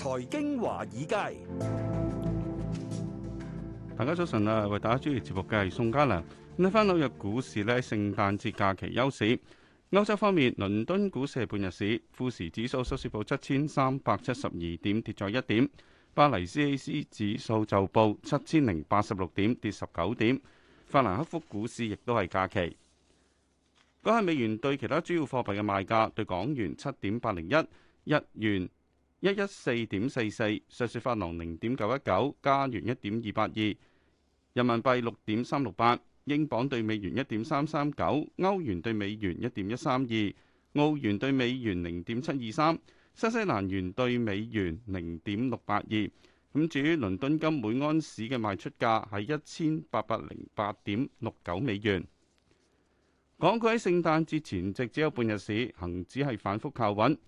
財經華爾街，大家早晨啊！為大家主持節目嘅係宋家良。睇返紐約股市呢，聖誕節假期休市。歐洲方面，倫敦股市係半日市，富時指數收市報七千三百七十二點，跌咗一點。巴黎 CAC 指數就報七千零八十六點，跌十九點。法蘭克福股市亦都係假期。嗰日美元對其他主要貨幣嘅賣價，對港元七點八零一，日元。一一四點四四，瑞士法郎零點九一九，加元一點二八二，人民幣六點三六八，英鎊對美元一點三三九，歐元對美元一點一三二，澳元對美元零點七二三，新西蘭元對美元零點六八二。咁至於倫敦金每安士嘅賣出價係一千八百零八點六九美元。港股喺聖誕節前夕只有半日市，恆指係反覆靠穩。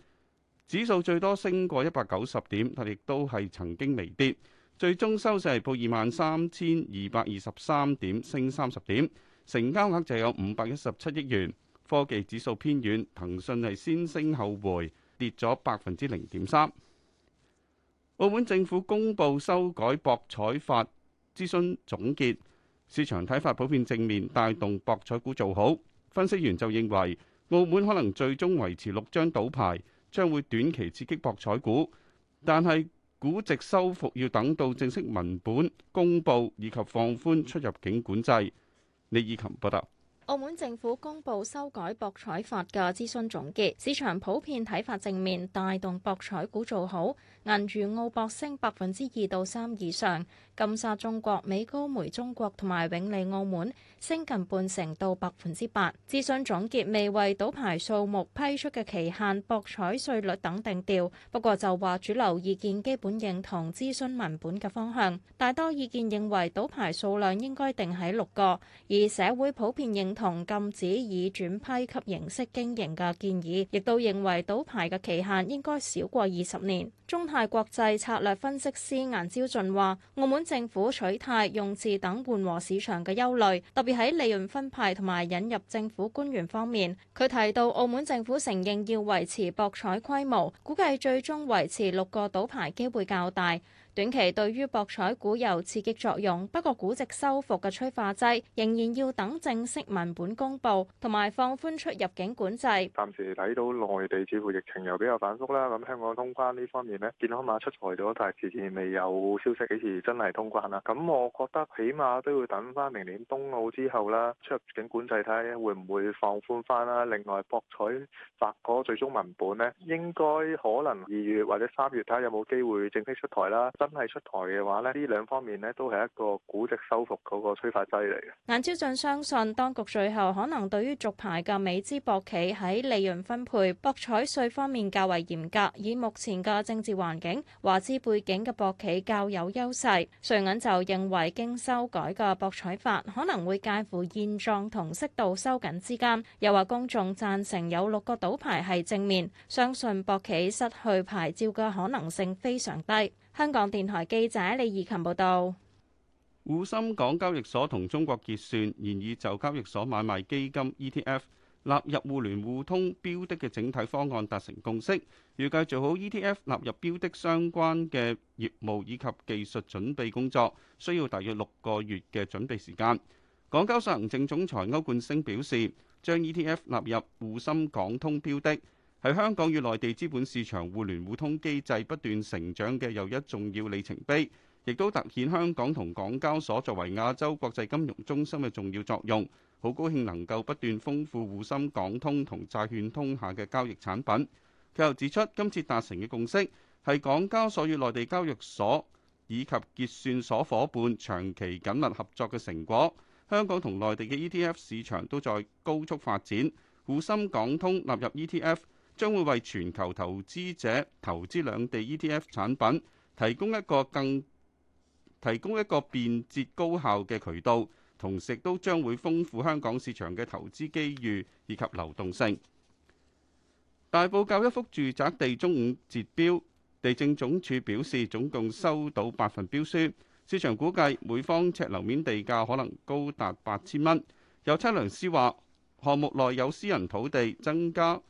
指數最多升過一百九十點，但亦都係曾經微跌，最終收市係報二萬三千二百二十三點，升三十點，成交額就有五百一十七億元。科技指數偏軟，騰訊係先升後回，跌咗百分之零點三。澳門政府公布修改博彩法諮詢總結，市場睇法普遍正面，帶動博彩股做好。分析員就認為澳門可能最終維持六張賭牌。將會短期刺激博彩股，但係估值收復要等到正式文本公布以及放寬出入境管制。李以琴報道。澳門政府公布修改博彩法嘅諮詢總結，市場普遍睇法正面，帶動博彩股做好，銀娛澳博升百分之二到三以上。金沙中國、美高梅中國同埋永利澳門升近半成到百分之八。諮詢總結未為賭牌數目、批出嘅期限、博彩稅率等定調，不過就話主流意見基本認同諮詢文本嘅方向。大多意見認為賭牌數量應該定喺六個，而社會普遍認同禁止以轉批給形式經營嘅建議，亦都認為賭牌嘅期限應該少過二十年。中泰國際策略分析師顏朝俊話，澳門政府取態用字等緩和市場嘅憂慮，特別喺利潤分派同埋引入政府官員方面。佢提到，澳門政府承認要維持博彩規模，估計最終維持六個賭牌機會較大。短期對於博彩股有刺激作用，不過估值收復嘅催化劑仍然要等正式文本公布同埋放寬出入境管制。暫時睇到內地似乎疫情又比較反覆啦，咁香港通關呢方面呢健康碼出台咗，但係遲遲未有消息幾時真係通關啦。咁我覺得起碼都要等翻明年冬奧之後啦，出入境管制睇下會唔會放寬翻啦。另外博彩法嗰最終文本呢，應該可能二月或者三月睇下有冇機會正式出台啦。真係出台嘅話咧，呢呢兩方面咧都係一個估值修復嗰個催化劑嚟嘅。顏昭俊相信，當局最後可能對於續牌嘅美資博企喺利潤分配、博彩稅方面較為嚴格。以目前嘅政治環境，華資背景嘅博企較有優勢。瑞銀就認為，經修改嘅博彩法可能會介乎現狀同適度收緊之間。又話公眾贊成有六個賭牌係正面，相信博企失去牌照嘅可能性非常低。香港電台記者李怡勤報道，滬深港交易所同中國結算現已就交易所買賣基金 ETF 納入互聯互通標的嘅整體方案達成共識，預計做好 ETF 納入標的相關嘅業務以及技術準備工作，需要大約六個月嘅準備時間。港交所行政總裁歐冠升表示，將 ETF 納入滬深港通標的。係香港與內地資本市場互聯互通機制不斷成長嘅又一重要里程碑，亦都突顯香港同港交所作為亞洲國際金融中心嘅重要作用。好高興能夠不斷豐富滬深港通同債券通下嘅交易產品。佢又指出，今次達成嘅共識係港交所與內地交易所以及結算所伙伴長期緊密合作嘅成果。香港同內地嘅 ETF 市場都在高速發展，滬深港通納入 ETF。將會為全球投資者投資兩地 ETF 產品提供一個更提供一個便捷高效嘅渠道，同時都將會豐富香港市場嘅投資機遇以及流動性。大埔教一幅住宅地中午截標，地政總署表示總共收到八份標書，市場估計每方尺樓面地價可能高達八千蚊。有測量師話，項目內有私人土地增加，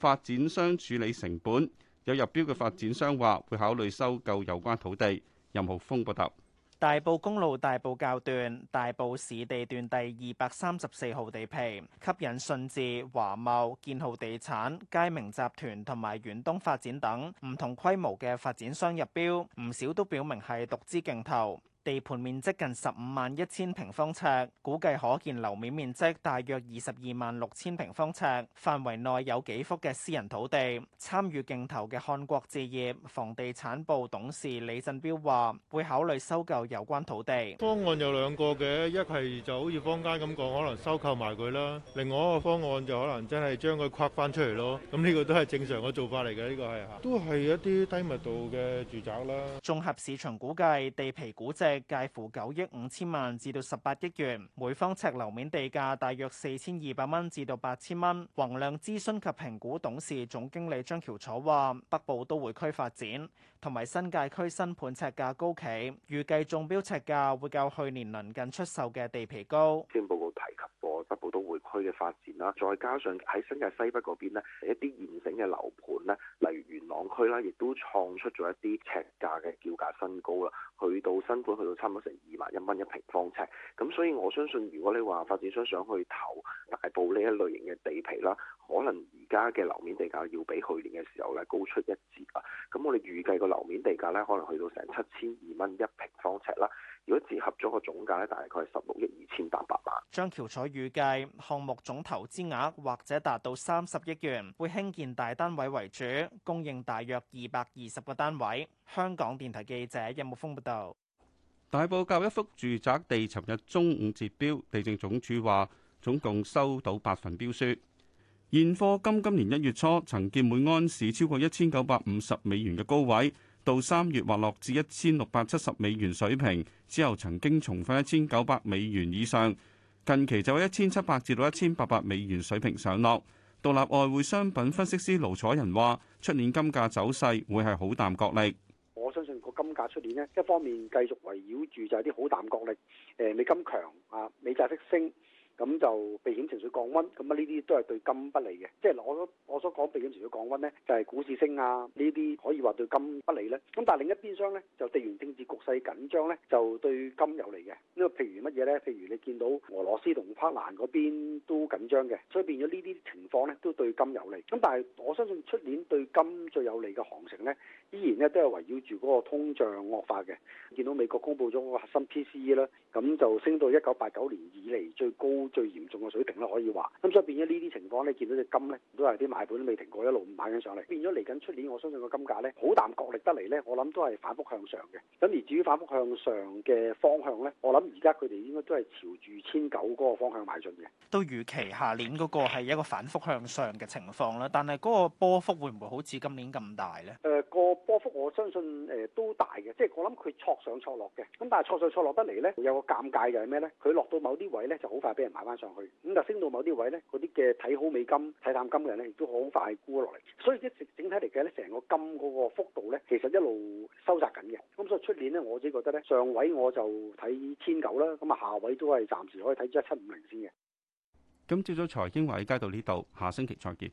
發展商處理成本，有入標嘅發展商話會考慮收購有關土地。任浩峯報道：大埔公路大埔滘段大埔市地段第二百三十四號地皮，吸引信置、華懋、建灝地產、佳明集團同埋遠東發展等唔同規模嘅發展商入標，唔少都表明係獨資競投。地盤面積近十五萬一千平方尺，估計可建樓面面積大約二十二萬六千平方尺。範圍內有幾幅嘅私人土地。參與競投嘅漢國置業房地產部董事李振彪話：會考慮收購有關土地。方案有兩個嘅，一係就好似坊間咁講，可能收購埋佢啦；另外一個方案就可能真係將佢劃翻出嚟咯。咁呢個都係正常嘅做法嚟嘅，呢個係嚇。都係一啲低密度嘅住宅啦。綜合市場估計，地皮估值，介乎九億五千萬至到十八億元，每方尺樓面地價大約四千二百蚊至到八千蚊。宏亮諮詢及評估董事總經理張喬楚話：北部都會區發展同埋新界區新盤尺價高企，預計中標尺價會較去年鄰近出售嘅地皮高。保都會區嘅發展啦，再加上喺新界西北嗰邊咧，一啲現成嘅樓盤呢，例如元朗區啦，亦都創出咗一啲尺價嘅叫價新高啦，去到新盤去到差唔多成二萬一蚊一平方尺。咁所以我相信，如果你話發展商想去投大埔呢一類型嘅地皮啦，可能而家嘅樓面地價要比去年嘅時候咧高出一截啊。咁我哋預計個樓面地價呢，可能去到成七千二蚊一平方尺啦。如果折合咗個總價呢，大概係十六億二千八百萬。張橋彩預計。項目總投資額或者達到三十億元，會興建大單位為主，供應大約二百二十個單位。香港電台記者任木峰報道。大埔教一幅住宅地，尋日中午截標。地政總署話，總共收到八份標書。現貨金今年一月初曾見每安士超過一千九百五十美元嘅高位，到三月滑落至一千六百七十美元水平之後，曾經重返一千九百美元以上。近期就喺一千七百至到一千八百美元水平上落，獨立外匯商品分析師盧楚仁話，出年金價走勢會係好淡角力。我相信個金價出年呢，一方面繼續圍繞住就係啲好淡角力，誒美金強啊，美債息升。咁就避險情緒降溫，咁啊呢啲都係對金不利嘅。即係我我所講避險情緒降溫呢，就係股市升啊呢啲可以話對金不利呢。咁但係另一邊廂呢，就地緣政治局勢緊張呢，就對金有利嘅。呢個譬如乜嘢呢？譬如你見到俄羅斯同烏克蘭嗰邊都緊張嘅，所以變咗呢啲情況呢，都對金有利。咁但係我相信出年對金最有利嘅行情呢，依然呢都係圍繞住嗰個通脹惡化嘅。見到美國公佈咗個核心 PCE 啦，咁就升到一九八九年以嚟最高。最嚴重嘅水平咧，可以話，咁所以變咗呢啲情況咧，你見到隻金咧都係啲買盤未停過，一路買緊上嚟。變咗嚟緊出年，我相信個金價咧好淡角力得嚟咧，我諗都係反覆向上嘅。咁而至於反覆向上嘅方向咧，我諗而家佢哋應該都係朝住千九嗰個方向邁進嘅。都預期下年嗰個係一個反覆向上嘅情況啦，但係嗰個波幅會唔會好似今年咁大咧？誒、呃、個波幅我相信誒、呃、都大嘅，即係我諗佢挫上挫落嘅。咁但係挫上挫落得嚟咧，會有個尷尬嘅係咩咧？佢落到某啲位咧，就好快俾人爬翻上去，咁就升到某啲位咧，嗰啲嘅睇好美金、睇淡金嘅人咧，亦都好快沽咗落嚟。所以一整整體嚟計咧，成個金嗰個幅度咧，其實一路收窄緊嘅。咁所以出年咧，我自己覺得咧，上位我就睇千九啦，咁啊下位都係暫時可以睇一七五零先嘅。咁朝早財經華爾街到呢度，下星期再見。